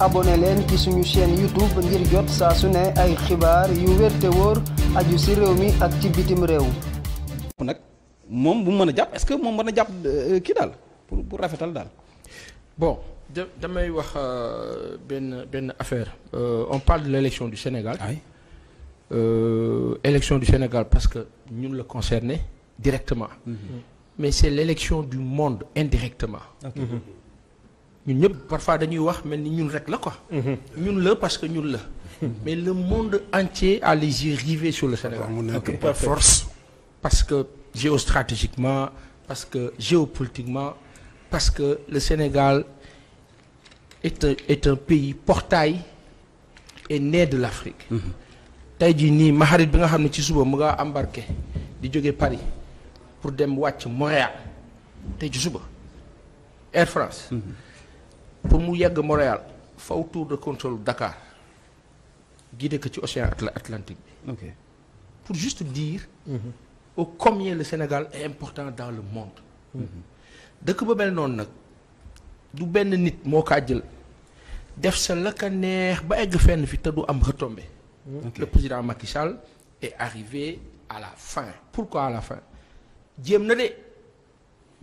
abonné leen ci suñu chaîne YouTube ngir jot saa su ne ay xibaar yu wér te wóor aju si réew mi ak ci bitim réew. nag moom bu mën a jàpp est-ce que moom mën a jàpp euh, kii daal pour pour rafetal daal. bon da damay wax euh, benn benn affaire euh, on parle de l'élection du Sénégal. ay ah euh, élection du Sénégal parce que ñun la concerné directement. Mm -hmm. mais c'est l'élection du monde indirectement. ñun ñëpp parfois dañuy wax mel ni ñun rek la quoi. Mhm. ñun la parce que ñun la. mais le monde entier a les yeux rivés sur le Sénégal. ok par force. parce que géostratégiquement parce que géopolitiquement parce que le Sénégal est un est un pays portail et né de l'Afrique. Mhm. tey jii nii ma xarit bi nga xam ne ci suba mu nga embarqué di jóge Paris pour dem wàcc Montréal tey ci suba Air France. Mhm. pour mu yegg Montréal faw tour de contrôle Dakar guidé ko ci océan Atlantique bi okay. pour juste dire au combien le Sénégal est important dans le monde dëkk ba mel noonu nag du benn nit moo kaa jël def sa la ka neex ba egg fenn fi te du am retombé le président Macky Sall est arrivé à la fin pourquoi à la fin jéem na de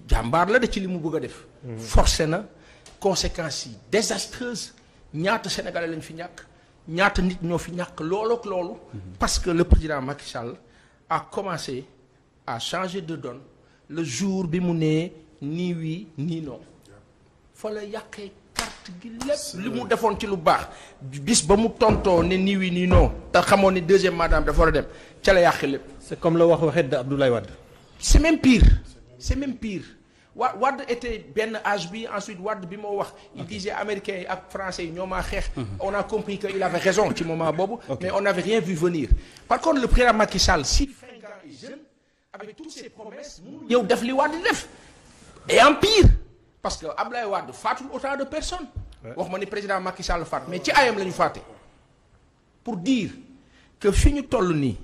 jàmbaar la de ci li mu bëgg a def mm-hmm. forcé na conséquences yi désastreuses ñaata sénégalais lañu fi ñàkk ñaata nit ñoo fi ñàkk looloo ak loolu. Mhm. parce que le président Macky Sall a commencé à changer de done le jour bi mu nee nii oui nii non fa la yàqee carte gi lépp. li mu defoon ci lu baax. bis ba mu tontoo ne nii oui nii non. te xamoon ne deuxième madame dafa war a dem ca la yàqee lépp. comme la wax waxee de Abdoulaye Wade. c'est même pire c'est wa Wade était benn âge bi ensuite Wade bi moo wax. il disait américain yi ak français yi ñoo maa xeex. Mhm. on a compris que il avait raison ci moment boobu. mais on n'avait rien vu venir. par contre le président Macky Sall si fringant et jeune avec toutes ses promesses mu ñëw def li Wade def. et en pire parce que wadd Wade faatul autant de personnes. wax ma ni président Macky Sall faat mais ci ayam la ñu fàtte. pour dire que fi ñu toll nii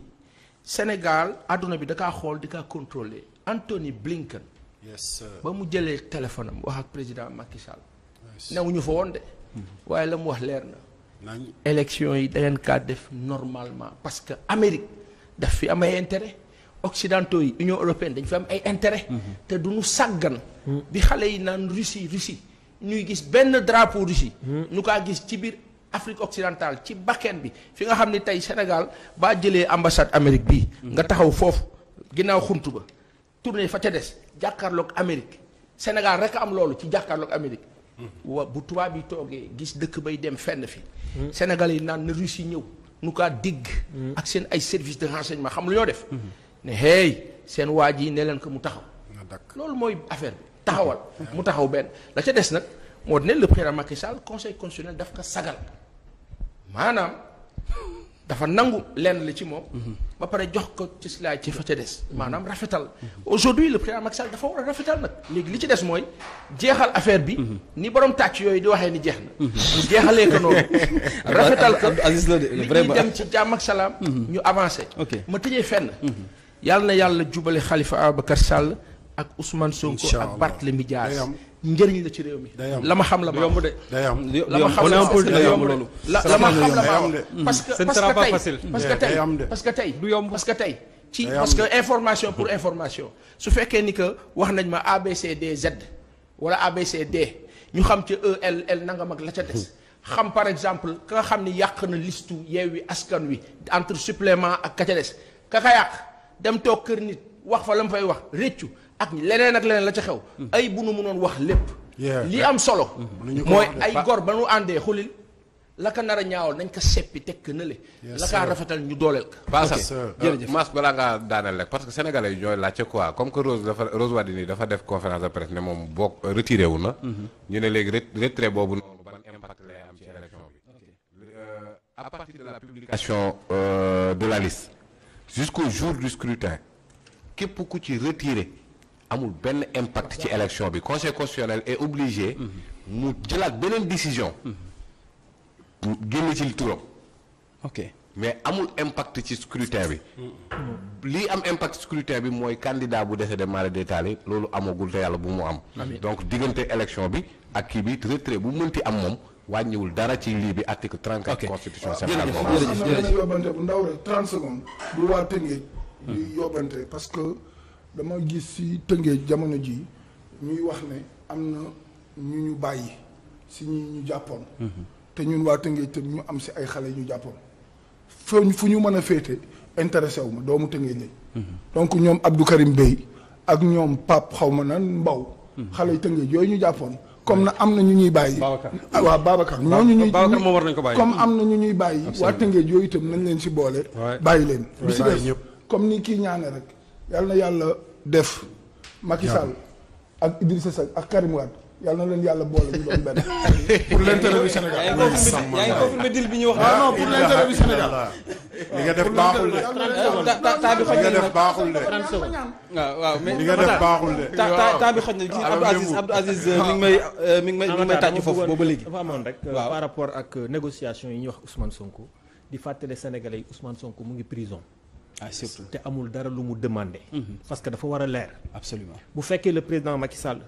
Sénégal àdduna bi da kaa xool di kaa contrôler Anthony Blinken. ba mu jëlee téléphone am wax ak président Macky Sall. newuñu fa woon de. waaye la mu wax leer na. élection yi da ngeen kaa def normalement parce que Amérique daf fi am ay intérêt occidentaux yi Union européenne dañ fi am ay intérêt mhm. te du ñu sàggan. Mhm. bi xale yi naan Russie Russie ñuy gis benn drapeau Russie. Mhm. ñu kaa gis ci biir. Afrique occidentale ci bakken bi fi nga xam ni tey Sénégal baa jëlee ambassade Amérique bi nga taxaw foofu ginnaaw xunt ba. tourné fa ca des jàkkaarloog Amérique Sénégal rek am loolu ci jàkkaarloog Amérique. wa bu tubaab yi toogee gis dëkk bay dem fenn fi. Sénégal yi naan na Russes yi ñëw nu kaa digg. ak seen ay service de renseignement xam lu ñoo def. ne hey seen waa ji ne leen ko mu taxaw. loolu mooy affaire bi taxawal. mu taxaw benn la ca des nag moo ne le président Macky Sall conseil constitutionnel daf ko sagal maanaam. dafa nangu lenn la ci moom. ba pare jox ko ci ci fa ca des. maanaam rafetal. aujourd'hui le président Macky Sall dafa war a rafetal nag. léegi li ci des mooy jeexal affaire bi. ni borom tàcc yooyu di waxee ni jeex na. mu jeexalee ko noonu. rafetal ko li ñuy dem ci jàmm ak salaam. Mhm. ñu avancé. ma tëjee fenn. yàlla na yàlla jubale xalifa Ababacar Sall. ak Ousmane Sonko ak Barthélémy Dias njëriñ la ci réew mi. la ma xam la ma yomb la ma xam la yomb loolu. la ma xam la ma su fekkee ni wax nañ ma ABCD Z xam ca E L la ca des. xam par exemple ka xam ni yàq na listu Yewwi Askan Wi entre supplément ak ka ca des ka ka yàq dem toog kër nit wax fa la mu fay wax réccu. ak leneen ak leneen la ca xew. ay bu nu mënoon wax lépp. li am solo. Mm-hmm. mooy ay gor ba nu àndee xulil. la ka nar a ñaawal nañ ko seppi teg ko nële. la rafetal ñu dooleel ko. Euh, jërëjëf Mass balaa ngaa daaneel rek parce que sénégalais yi ñooy laajte quoi comme que Rose dafa Rose dafa def conférence de presse ne moom boog retiré wu na. Mm-hmm. ñu ne léegi retrait boobu noonu ban impact lay am ci élection bi. Euh, à de la publication euh, de la liste. jusqu'au jour du scrutin. képp ku ci retiré. amul benn impact ci élection bi conseil constitutionnel est obligé. mu jëlaat beneen décision. génn ci turam. ok mais amul impact ci scrutin bi. lii am impact scrutin bi mooy candidat bu de décédé de détaillé loolu amagul te yàlla bu mu am. donc diggante élection bi ak kii bi retrait bu mënti am moom wàññiwul dara ci lii bi article 34 constitution sénégalaise moom. jërëjëf ndaw rek 30 secondes. bu waa Tëngéej. ñu yóbbante parce que. dama gis si tëngéej jamono ji ñuy wax ne am na ñu ñu bàyyi si ñi ñu jàppoon mhm. te ñun waa tëngee tam ñu am si ay xale ñu jàppoon fooñ fu ñu mën a féete intéressé wu ma doomu tëngee lañ mhm. donc ñoom Abdou Karim Bey ak ñoom Pape xaw ma nan Mbaw mhm. xale yi tëngee yooyu ñu jàppoon comme na am na ñu ñuy bàyyi ah, waaw Babacar ñooñu ñuy comme am na ñu ñuy bàyyi waa tëngee yooyu itam nañ leen si boole bàyyi leen bi si des comme ni kiy ñaane rek yàlla na yàlla def. Macky Sall ak Idrissa Seck ak Karim Wade yàlla na leen yàlla boole ñu doon benn. pour l'intérêt du Sénégal. yaa ngi confirmé deal bi ñu wax. ah non pour l'intérêt du Sénégal. li nga def baaxul de. temps bi xoj na li nga def baaxul de. waaw waaw mais li nga def baaxul de. temps bi xoj na gis Abdou Aziz Abdou Aziz euh, mi ngi may euh, mi ngi may mi ngi may tàcc foofu boobu léegi. dafa amoon rek euh, par rapport ak négociation yi ñuy wax Ousmane Sonko di fàttali Sénégalais yi Ousmane Sonko mu ngi prison. Ah, surtout te amul dara lu mu demandé. Mhm. parce que dafa war a leer. absolument bu fekkee le président Macky Sall.